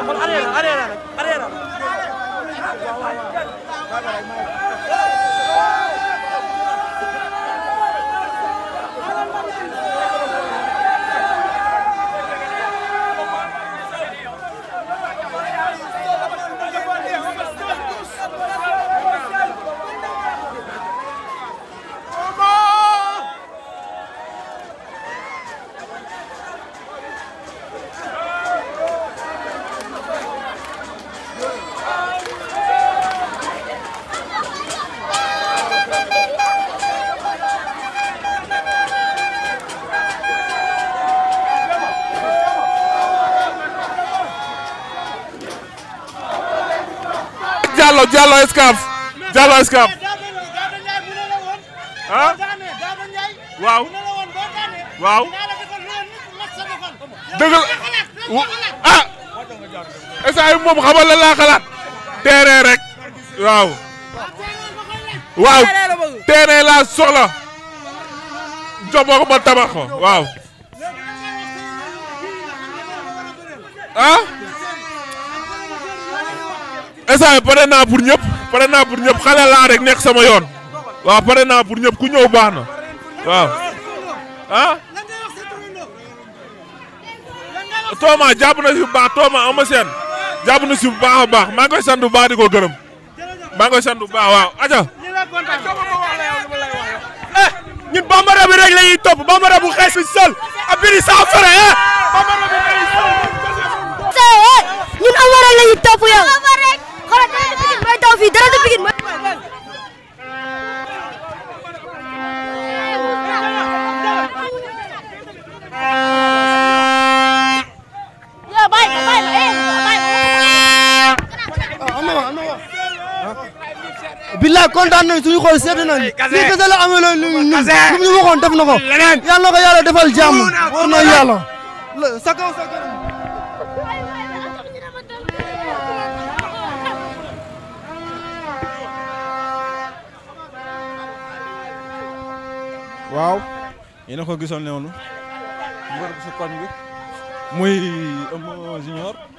ادخل علينا علينا علينا Diallo Diallo Escaf Diallo ah waaw waaw ah instant yii moom laa xalaat terrain rek waaw waaw terrain laa soxla jomoo ko ma waaw ah. instant pare na pour ñëpp pare na pour ñëpp xale la rek nek sama yoon wa pare na pour ñëpp ku ñëw baax na waaw ah. Tooma jàpp na si bu baax Tooma ama seen jàpp na si bu baax a baax maa ngi di ko gërëm maa ngi koy sant bu aja eh, ñun bambara bi rek la ñuy topp bambara bu xees bi sol ab biri fere eh bambara bi rek eh? ñun am waral la yow fii dara de Pikine billaay kontaan nañ suñu xool seet nañ eh, lii kese la amee loolu lu ñu waxoon def na ko yàlla na ko defal jàmm war na yàlla sa Wow, yéen a ko gisoon noonu. mu war a gis koñ Junior.